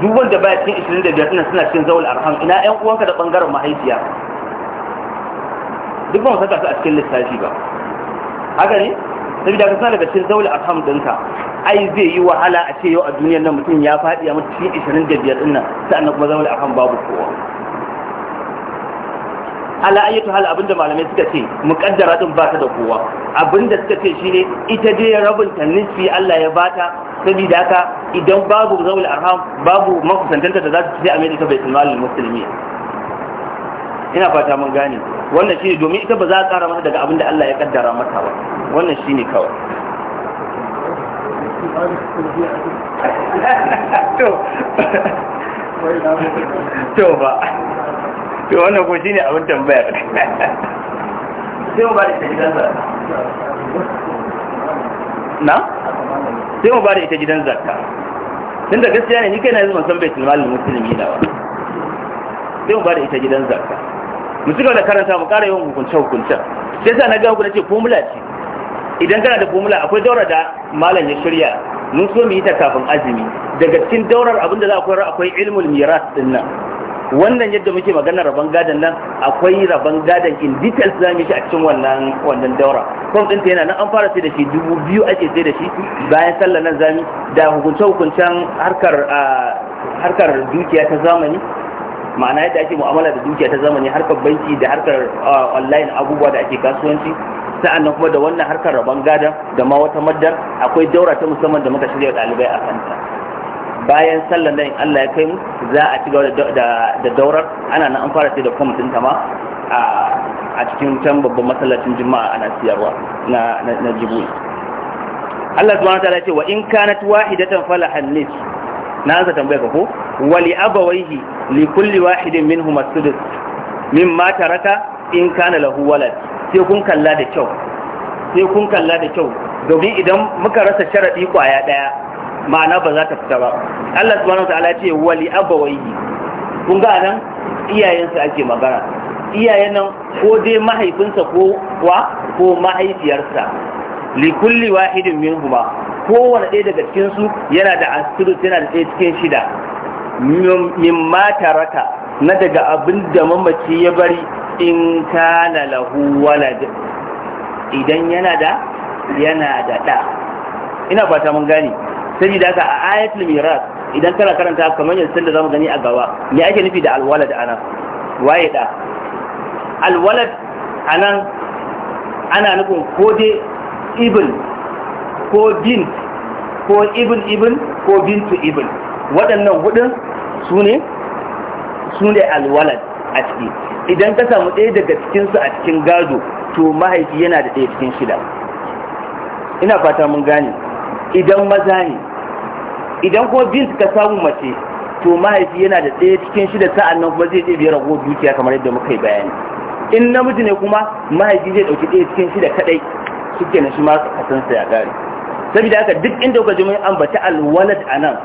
duk wanda baya cikin 25 din suna cikin zawil arham ina yan uwanka da bangaren mahaifiya duk ba mu saka su a cikin lissafi ba haka ne saboda ka sa daga cikin zawil arham dinka ai zai yi wahala a ce yau a duniyar nan mutum ya faɗi a mutum 25 din nan sa'annan kuma zawil arham babu kowa ala ayyatu hal abinda malamai suka ce muqaddara din ba ta da kowa abinda suka ce shine ita dai rabin ta nisfi Allah ya bata saboda haka idan babu zawul arham babu makusantanta da za su ci a mai ta baitul mal muslimi ina fata mun gane wannan shine domin ita ba za a kara mata daga abinda Allah ya kaddara mata ba wannan shine kawai to to ba to wannan ko shine abin tambaya. sai mu bada ita gidan zakka na sai mu bada ita gidan zakka tun da gaskiya ne ni kai na yanzu ban san baitul malin musulmi na ba sai mu bada ita gidan zakka mu cigaba da karanta mu ƙara yawan hukunce hukuncen sai sa na ga ku ce formula ce idan kana da formula akwai daura da malam ya shirya mun so mu yi ta kafin azumi daga cikin daurar abinda za a koyar akwai ilmul miras din nan wannan yadda muke magana rabon gadon nan akwai rabon gadon in details za mu shi a cikin wannan wannan daura form ɗinta yana nan an fara sai da shi dubu biyu ake sai da shi bayan sallar nan zami da hukunce hukuncen harkar dukiya ta zamani ma'ana yadda ake mu'amala da dukiya ta zamani harkar banki da harkar online abubuwa da ake kasuwanci sa'annan kuma da wannan harkar rabon gadon da ma wata maddar akwai daura ta musamman da muka shirya ɗalibai a kanta bayan sallar nan Allah ya kai mu za a ci gaba da daurar ana nan an fara ce da kwamitin ta ma a cikin can babban masallacin juma'a ana siyarwa na na jibuyi Allah subhanahu wataala ce wa in kanat wahidatan falahan nis na za tambaya ka ko wali abawaihi li kulli wahidin minhum as-sudus mimma taraka in kana lahu walad sai kun kalla da kyau sai kun kalla da kyau domin idan muka rasa sharadi kwaya daya ma'ana ba za ta fita ba Allah subhanahu ta'ala ce wali abawaihi kun ga nan iyayensa ake magana iyayen nan ko dai mahaifinsa ko wa ko mahaifiyarsa li kulli wahidin minhuma kowane ɗaya daga cikin su yana da asiru yana da ɗaya cikin shida min ma taraka na daga abin da mamaci ya bari in kana lahu walad idan yana da yana da ɗa ina fata mun gani. da aka a ayatul miras idan kana karanta kamar yadda sanda zamu gani a gaba me ake nufi da alwalad ana waye da alwalad anan ana nufin ko dai ibn ko bin, ko ibn ibn ko bintu ibn waɗannan hudun su ne su ne alwalad a ciki idan ka samu ɗaya daga cikinsu a cikin gado to mahaifi yana da ɗaya cikin shida ina fata mun gane idan maza ne idan ko bin ka samu mace to mahaifi yana da ɗaya cikin shida sa'an nan kuma zai je biyar rago dukiya kamar yadda muka yi bayani in namiji ne kuma mahaifi zai ɗauki ɗaya cikin shida kaɗai suke na shi ma kasansa ya ƙare saboda haka duk inda kuka ji mun bata alwalad a nan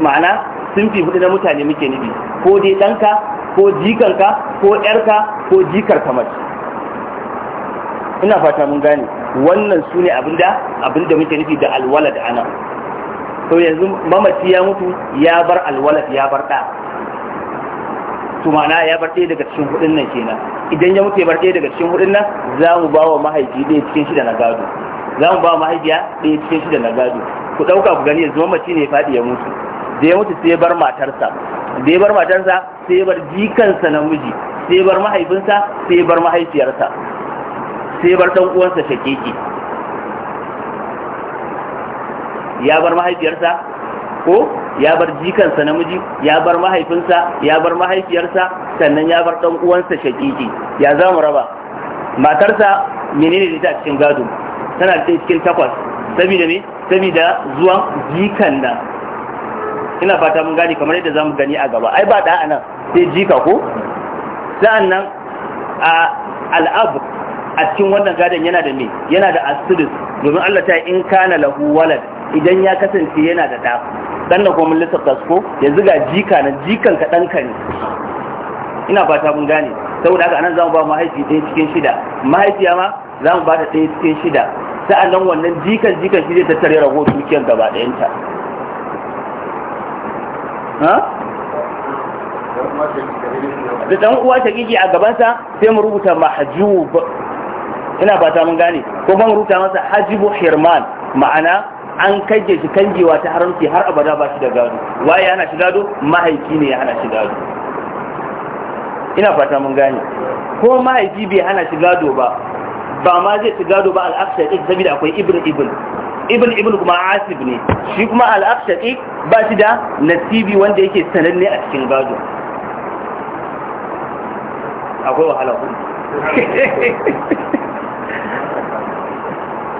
ma'ana sun fi hudu na mutane muke nufi ko dai ɗanka ko jikanka ko ƴarka ko jikarka mace ina fata mun gane wannan su ne abinda abinda muke nufi da alwalad ana to yanzu mamaci ya mutu ya bar alwalad ya bar da to mana ya bar ɗaya daga cikin hudun nan kenan idan ya mutu ya bar ɗaya daga cikin hudun nan za mu ba wa mahaifi ɗaya cikin shida na gado za mu ba wa mahaifiya ɗaya cikin shida na gado ku ɗauka ku gani yanzu mamaci ne ya faɗi ya mutu da ya mutu sai ya bar matarsa da ya bar matarsa sai ya bar jikansa namiji sai ya bar mahaifinsa sai ya bar mahaifiyarsa sai bar dan uwansa shakiki ya bar mahaifiyarsa ko ya bar jikansa namiji ya bar mahaifinsa ya bar mahaifiyarsa sannan ya bar dan uwansa shakiki ya za mu raba matarsa menene da ta cikin gado tana cikin takwas saboda me saboda zuwan jikan nan ina fata mun gani kamar yadda zamu gani a gaba ai ba da anan sai jika ko sa'annan a al'ab a cikin wannan gadon yana da me yana da asidus domin Allah ta in kana lahu walad idan ya kasance yana da da dan da kuma lissafta ko yanzu ga jika na jikan ka ɗanka ne ina fata mun gane saboda haka anan zamu ba mahaifi ɗaya cikin shida mahaifiya ma zamu ba ta ɗaya cikin shida sa'annan wannan jikan jikan shi zai tattare rago dukiyar gaba ɗayanta da dan uwa ta gigi a gabansa sai mu rubuta mahjub ina fata mun gane ko ban rubuta masa hajibu hirman ma'ana an kage shi kangewa ta haramci har abada ba shi da gado waye ana shi gado mahaifi ne ya hana shi gado ina fata mun gane ko mahaifi bai hana shi gado ba ba ma zai shi gado ba al ɗin saboda akwai ibn ibn ibn ibn kuma asib ne shi kuma al-aqshaqiq ba shi da nasibi wanda yake sananne a cikin gado akwai wahala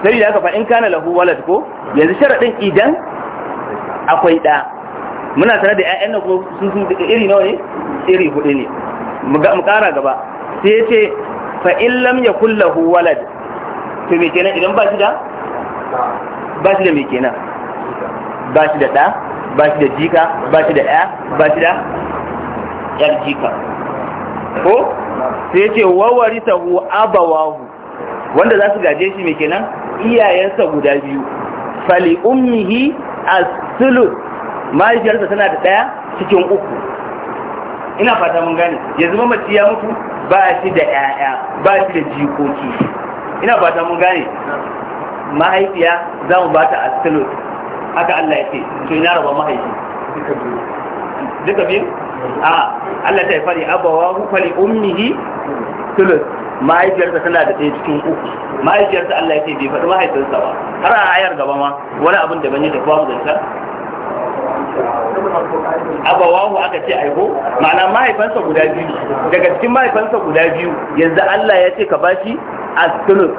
sai da haka fa in kana lahu walad ko yanzu sharadin idan akwai da muna sanar da ƴaƴan ko sun sun iri nawa ne iri hudu ne mu kara gaba sai yace fa in lam yakul lahu walad to me kenan idan ba shi da ba shi da me kenan ba shi da da ba shi da jika ba shi da ƴa ba shi da ƴar jika ko sai yace wawaritahu abawahu wanda za su gaje shi me kenan iyayensa guda biyu fali ummihi as-sulus mahaifiyarsa tana da daya cikin uku ina fata mun gane yanzu mamaci ya mutu ba shi da yaya ba shi da jikoki ina fata mun gane mahaifiya za mu bata as-sulus haka Allah ya ce to ina raba mahaifi duka biyu a Allah ta yi abawa hu fali ummihi sulus mahaifiyarsa tana da ɗaya cikin uku mahaifiyarsa Allah ya ce bai faɗi mahaifinsa ba har a ayar gaba ma wani abin da ban yi tafiya mu zanta wahu aka ce aiko ma'ana mahaifansa guda biyu daga cikin mahaifansa guda biyu yanzu Allah ya ce ka bashi asirus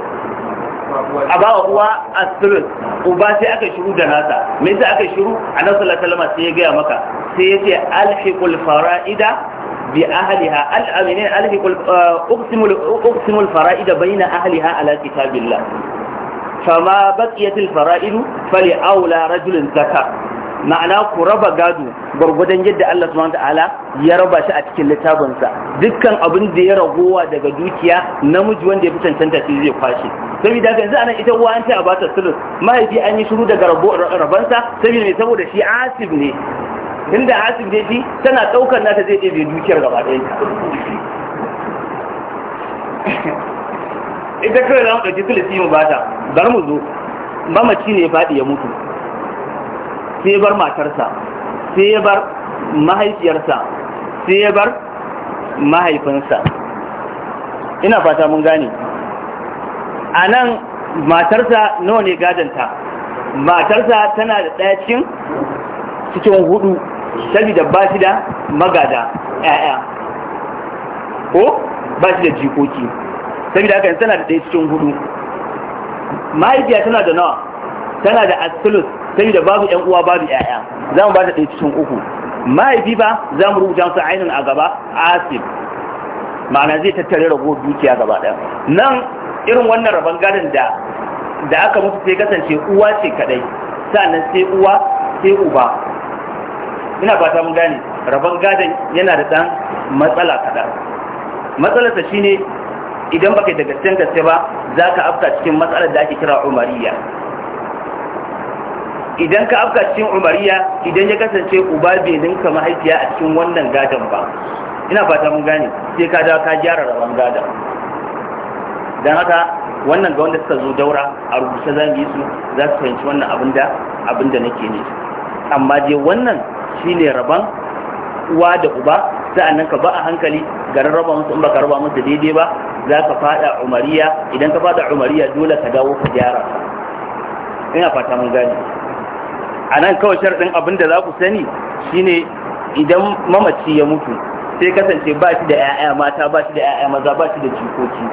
a ba uwa asirus uba sai aka shiru da nasa me yasa aka shiru annabi sallallahu alaihi wasallam sai ya gaya maka sai ya ce alhiqul fara'ida bi ahliha al-aminin alhiqul uh, uqsimu uqsimu al-fara'id bayna ahliha ala kitabillah fama baqiyat al-fara'id fali aula rajulin zaka ma'ana ku raba gado gwargwadon yadda Allah subhanahu ta'ala ya raba shi a cikin littafinsa dukkan abin da ya ragowa daga dukiya namiji wanda ya fi cancanta shi zai kwashe saboda haka yanzu anan ita uwa an ce a bata sulus mahaifi an yi shiru daga rabansa saboda mai saboda shi asib ne inda hasin zai ji tana ɗaukar nata zai zai dukiyar gaba ɗaya ita kawai za mu ɗauki filisi mu bata bar mu zo mamaci ne faɗi ya mutu sai bar matarsa sai ya bar mahaifiyarsa sai ya bar mahaifinsa ina fata mun gane a nan matarsa nawa ne gadanta matarsa tana da ɗaya cikin hudu saboda ba shi da magada ƴaƴa ko ba shi da jikoki saboda haka tana da ɗaya cikin hudu mahaifiya tana da nawa tana da asilus saboda babu ƴan uwa babu ƴaƴa za mu ba ta ɗaya cikin uku mahaifi ba za mu rubuta masa ainihin a gaba asib ma'ana zai tattare rago dukiya gaba ɗaya nan irin wannan rabon gadon da da aka mutu sai kasance uwa ce kaɗai, sannan sai uwa sai uba ina fata mun gane rabon gadon yana da ɗan matsala kaɗan matsalarsa shine idan baka da gaskiyar gaske ba za ka afka cikin matsalar da ake kira umariya idan ka afka cikin umariya idan ya kasance uba bai ninka mahaifiya a cikin wannan gadon ba ina fata mun gane sai ka dawo ka gyara rabon gadon don haka wannan ga wanda suka zo daura a rubuce za mu yi su za su fahimci wannan abin da abin da nake ne amma dai wannan Shi ne rabon uwa da uba sa'annan ka ba a hankali garin raba musu in baka raba musu daidai ba za ka fada umariya idan ka fada umariya dole ka dawo ka gyara ina fata mun gane a nan kawai sharaɗin abin da za ku sani shine idan mamaci ya mutu sai kasance ba shi da 'ya'ya mata ba shi da 'ya'ya maza ba shi da jikoki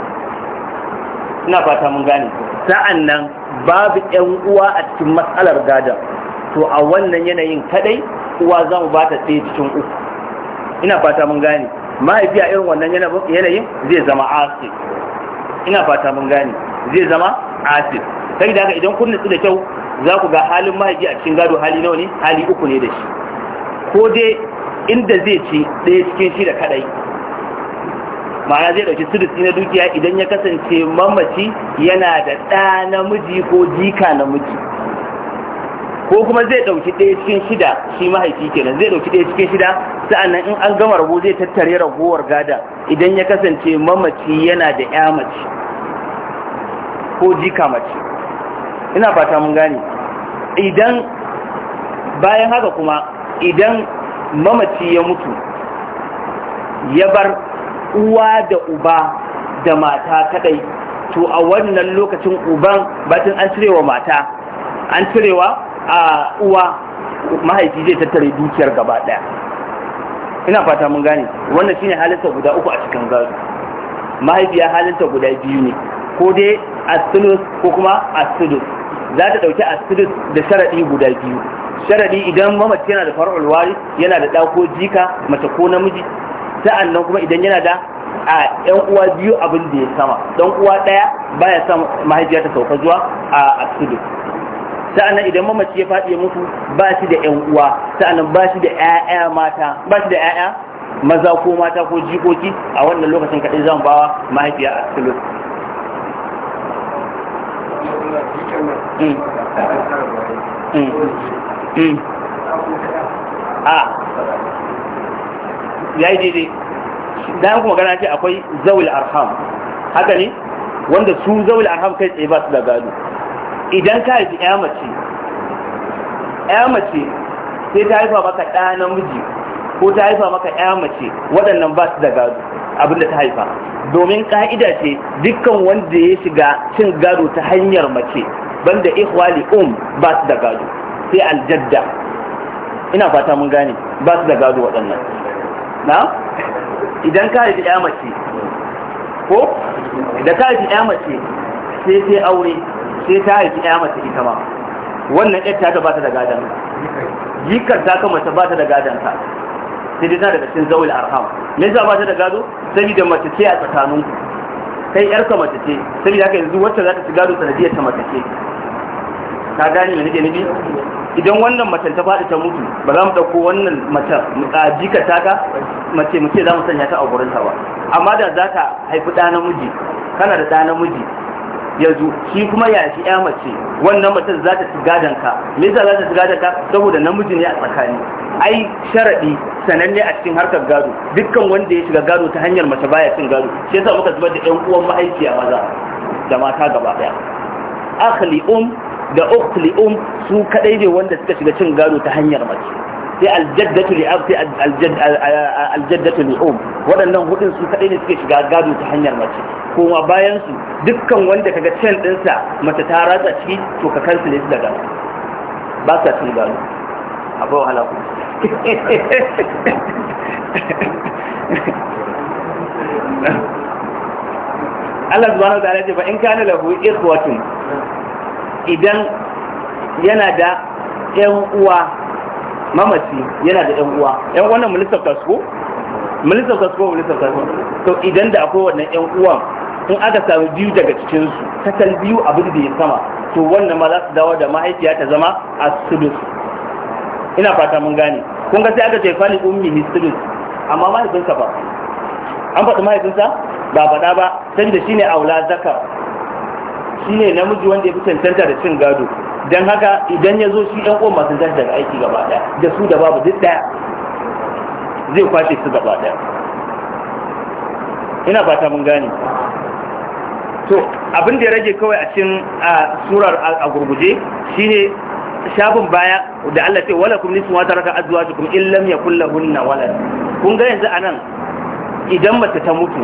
ina fata mun gane sa'an nan babu 'yan uwa a cikin matsalar gadon to a wannan yanayin kadai uwa za mu ba ta ɗaya cikin uku ina fata mun gane mahaifi a irin wannan yanayin zai zama asir ina fata mun gane zai zama asir sai da haka idan kun nutsu da kyau za ku ga halin mahaifi a cikin gado hali nawa ne hali uku ne da shi ko dai inda zai ci ɗaya cikin shi da kadai ma'ana zai ɗauki sirisi na dukiya idan ya kasance mamaci yana da ɗa namiji ko jika namiji ko kuma zai ɗauki ɗaya cikin shida shi mahaifi kenan zai ɗauki ɗaya cikin shida sa'annan in an gama rabo zai tattare ragowar gada idan ya kasance mamaci yana da ya mace ko jika mace ina fata mun gane idan bayan haka kuma idan mamaci ya mutu ya bar uwa da uba da mata kadai to a wannan lokacin uban batun an cirewa mata an cirewa a uwa mahaifi zai tattare dukiyar gaba ɗaya ina fata mun gane wannan shine halinta guda uku a cikin gado ya halinta guda biyu ne ko dai asilus ko kuma asilus za ta ɗauki asilus da sharaɗi guda biyu sharaɗi idan mamaci yana da faru alwari yana da ɗa jika mace ko namiji sa'an nan kuma idan yana da a yan uwa biyu abin da ya sama dan uwa ɗaya baya son mahaifiya ta sauka zuwa a asilus sa'annan idan mamaci ya faɗi ya mutu ba shi da ƴan uwa sa'annan ba shi da ƴaƴa mata ba shi da ƴaƴa maza ko mata ko jikoki a wannan lokacin kaɗai zan bawa mahaifiya a cikin mm. mm. mm. a ah. ya yi daidai dan kuma gana ce akwai zawul arham haka ne wanda su zawul arham kai tsaye ba su da gado idan ka haifi ya mace ya mace sai ta haifa maka ɗa namiji ko ta haifa maka ya mace waɗannan ba su da gado abin da ta haifa domin ka'ida ce dukkan wanda ya shiga cin gado ta hanyar mace banda ikhwali um ba su da gado sai aljadda ina fata mun gane ba su da gado waɗannan na idan ka haifi ya mace ko da ka haifi ya mace sai sai aure sai ta haifi ɗaya mace ita ba wannan ƴar ta ba ta da gadon jikar ta kama mace ba ta da gadon ta sai dai tana daga cikin zawul arham me za ba ta da gado da mace ce a tsakanin kai yar ka mace ce saboda haka yanzu wacce za ta ci gado sanadiyar ta mace ce ka gane ne nake nufi idan wannan macen ta faɗi ta mutu ba za mu ɗauko wannan macen a jikata ta mace mu ce za mu sanya ta a ta ba amma da za ta haifi ɗa namiji kana da ɗa namiji ya zo shi kuma ya shi ya mace wannan mace za ta gadon ka me za ta ci gadon ka saboda namiji ne a tsakani ai sharadi sananne a cikin harkar gado dukkan wanda ya shiga gado ta hanyar mace baya cin gado shi yasa muka zubar da ƴan uwan mahaifiya maza da mata gaba daya akhli um da ukhli um su kadai ne wanda suka shiga cin gado ta hanyar mace sai aljaddatu li abti aljaddatu li um waɗannan hudun su kadai ne suke shiga gado ta hanyar mace koma bayan su dukkan wanda kaga can dinsa mace ta ratsa ciki to ka cancel shi daga ba sa cin gano abu wahala ku Allah subhanahu wa ta'ala ce ba in kana lahu ikhwatun idan yana da ƴan uwa mamaci yana da ƴan uwa ƴan wannan mulisar kasko mulisar kasko mulisar kasko to idan da akwai wannan ƴan uwan in aka samu biyu daga cikinsu kasal biyu abin da ya sama to wannan ma za su dawo da mahaifiya ta zama a sulus ina fata mun gane kun ga sai aka ce fali ummi sulus amma mahaifinsa ba an faɗi mahaifinsa ba faɗa ba san da shine aula zakar shine namiji wanda ya fi cancanta da cin gado dan haka idan ya zo shi ɗan uwan masu tashi daga aiki gaba ɗaya da su da babu duk ɗaya zai kwashe su gaba ɗaya ina fata mun gane to abin da ya rage kawai a cikin surar a gurguje shine shafin baya da Allah ce wala kum nisu wata raka azuwa kuma in lam kulla hunna wala kun ga yanzu anan idan mace ta mutu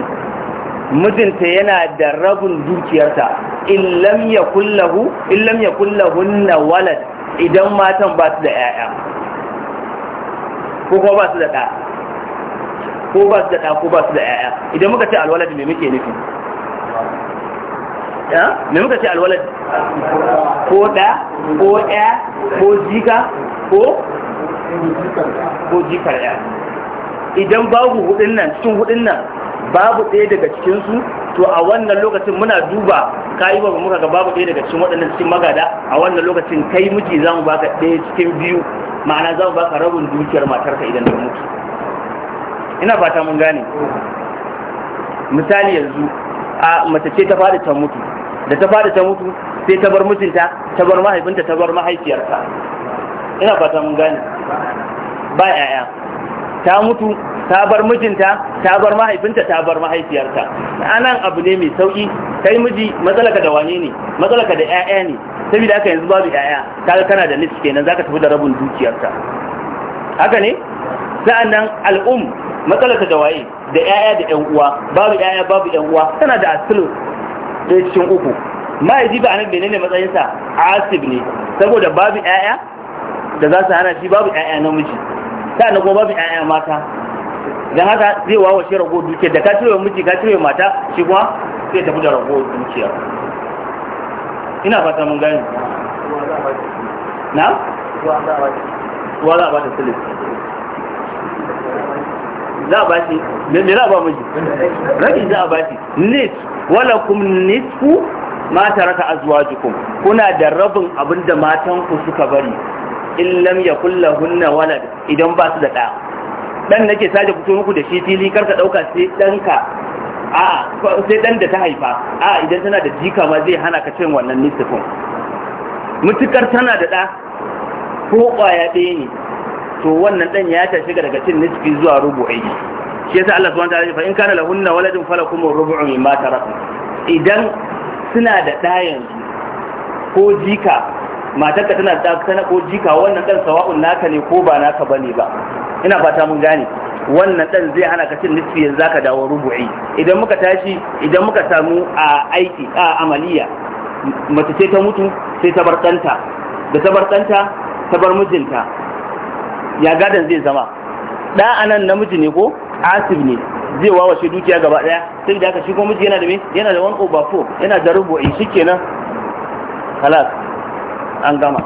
mijinta yana da rabin dukiyarta in lam kulla lahu in lam yakul lahunna wala idan matan ba su da yaya ko ba su da da ko ba su da da ko ba su da yaya idan muka ce alwalad me muke nufi me muka ce alwalad ko ɗa ko ɗa ko jika ko ko jikar ya idan babu hudun nan cikin hudun nan babu ɗaya daga cikinsu to a wannan lokacin muna duba kayi ba muka ga babu ɗaya daga cikin waɗannan cikin magada a wannan lokacin kai miji za mu baka ɗaya cikin biyu ma'ana za mu baka rabin dukiyar matarka idan ta mutu ina fata mun gane misali yanzu a mace ce ta faɗi ta mutu da ta fada ta mutu sai ta bar mutunta ta bar mahaifinta ta bar mahaifiyarta ina fata mun gane ba yaya ta mutu ta bar mijinta ta bar mahaifinta ta bar mahaifiyarta anan abu ne mai sauki kai miji matsalaka da wane ne matsalaka da yaya ne saboda haka yanzu babu yaya kaga kana da nishi kenan zaka tafi da rabin dukiyarta haka ne nan, al'um matsalaka da waye da yaya da yan uwa babu yaya babu yan uwa tana da asilu ɗaya cikin uku mahaifi ba anan menene matsayinsa asib ne saboda babu ƴaƴa da za su hana shi babu ƴaƴa namiji na kuma babu ƴaƴa mata dan haka zai wawa shi rago dukiyar da ka cire miji ka cire mata shi kuma zai tafi da rago dukiyar ina fata mun gani na? wa za a ba ta silis. za a ba shi me za a ba miji rabi za a ba shi Nit wala kum nisfu ma taraka azwajukum kuna da rabin abin da matan ku suka bari in lam yakul lahunna walad idan ba su da ɗa dan nake sake fito muku da shi fili karka dauka sai danka a sai dan da ta haifa a idan tana da jika ma zai hana ka cin wannan nisfin mutukar tana da ɗa ko kwaya ɗaya ne to wannan dan ya tashi daga cin nisfi zuwa rubu'i shi yasa Allah subhanahu wa ta'ala fa in kana lahunna waladun falakum rubu'u mimma taraku idan suna da dayan ko jika matarka tana da tana ko jika wannan dan sawa'un naka ne ko ba naka bane ba ina fata mun gane wannan dan zai hana ka cin nisfi yanzu zaka dawo rubu'i idan muka tashi idan muka samu a aiki a amaliya mace ce ta mutu sai ta bar da ta bar danta ta bar mijinta ya gadon zai zama da anan namiji ne ko asib ne zai wawashe dukiya gaba daya sai da aka shi kuma miji yana da me yana da 1 over 4 yana da rubu'i shikenan halas an gama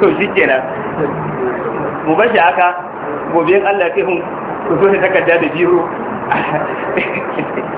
to shikenan mu bashi haka gobe in Allah ya kai mu ku zo da takarda da biro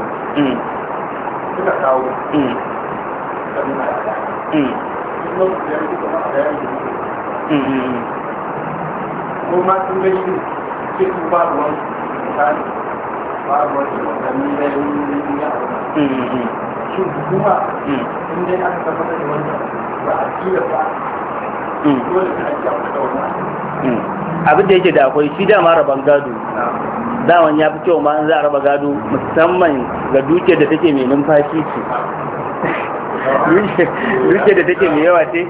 suka kawo kuma sun su ba misali ba da yin yawon shi dai aka da wannan ba a kila ba dole ake da abin da yake da akwai shi dama rabon gado daman ya fi kyau ma an za a raba gado musamman ga duke da take mai numfashi ce duke da take mai yawa ce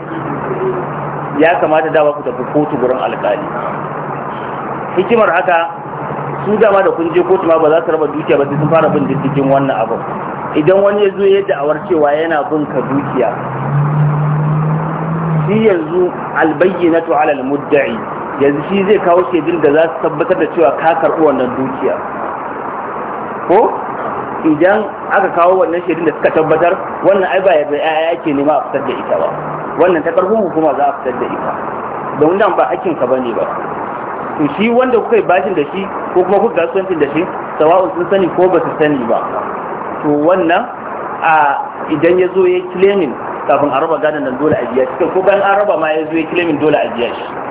ya kamata dawa ku tafi kotu gurin alkali hikimar haka su dama da kun je kotu ma ba za su raba dukiya ba sai sun fara bin diddigin wannan abu idan wani ya zo yadda awar cewa yana bin ka dukiya shi yanzu albayyinatu alal mudda'i yanzu shi zai kawo shaidun da za su tabbatar da cewa ka karɓi wannan dukiya ko idan aka kawo wannan shaidun da suka tabbatar wannan ai ba yadda ya ake nema a fitar da ita ba wannan ta ƙarfin hukuma za a fitar da ita don nan ba hakkin ka bane ba to shi wanda kuka yi bashin da shi ko kuma kuka kasuwancin da shi sawa'un sun sani ko ba su sani ba to wannan a idan ya zo ya yi claiming kafin a raba gadon nan dole a biya shi ko bayan an raba ma ya zo ya yi claiming dole a biya shi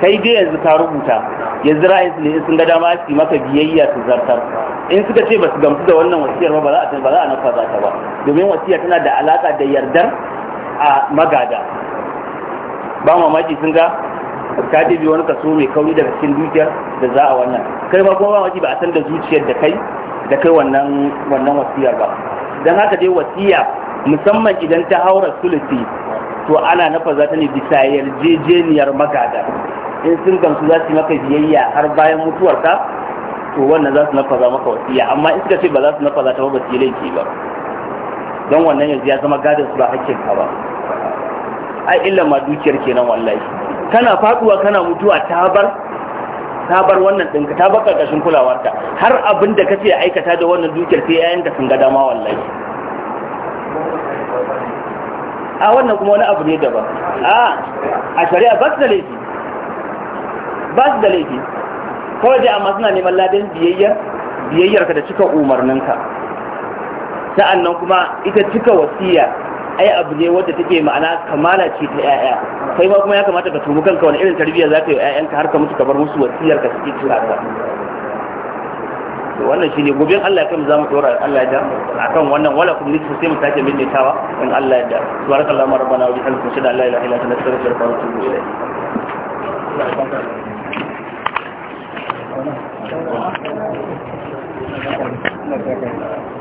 kai dai yanzu ka rubuta yanzu ra'ayin su ne sun ga dama su maka biyayya su zartar in suka ce ba su gamsu da wannan wasiyar ba ba za a ba za a nufa za ta ba domin wasiya tana da alaka da yardar a magada ba mamaki sun ga ka ɗebi wani kaso mai kauri daga cikin dukiyar da za a wannan kai ma kuma mamaki ba a san da zuciyar da kai da kai wannan wannan wasiyar ba don haka dai wasiya musamman idan ta haura sulusi to ana nafa za ta ne bisa yarjejeniyar magada in sun gamsu za su maka biyayya har bayan mutuwarka to wannan za su nafaza maka wasiya amma in suka ce ba za su nafaza ta ba su yi laifi ba don wannan yanzu ya zama gadon su ba hakkin ka ba ai illa ma dukiyar kenan wallahi kana faduwa kana mutuwa ta bar ta bar wannan ɗinka ta bar ƙarƙashin kulawarta har abin da kace aikata da wannan dukiyar sai yayanka sun ga dama wallahi a wannan kuma wani abu ne daban a a shari'a ba su da laifi ba su da laifi kawai dai amma suna neman ladan biyayyar biyayyarka da cika umarninka sa'annan kuma ita cika wasiya ai abu ne wanda take ma'ana kamala ce ta yaya kai ma kuma ya kamata ka tumu kanka wani irin tarbiyya za ka yi yayanka har ka mutu ka bar musu wasiyar ka cikin cika ka to wannan shine gobe Allah ya kai mu zamu dora Allah ya da akan wannan wala kun nisu sai mu sake bincikawa in Allah ya da subhanallahi rabbana wa bihamdihi ashhadu la ilaha illa anta astaghfiruka wa atubu ilayk Thank you.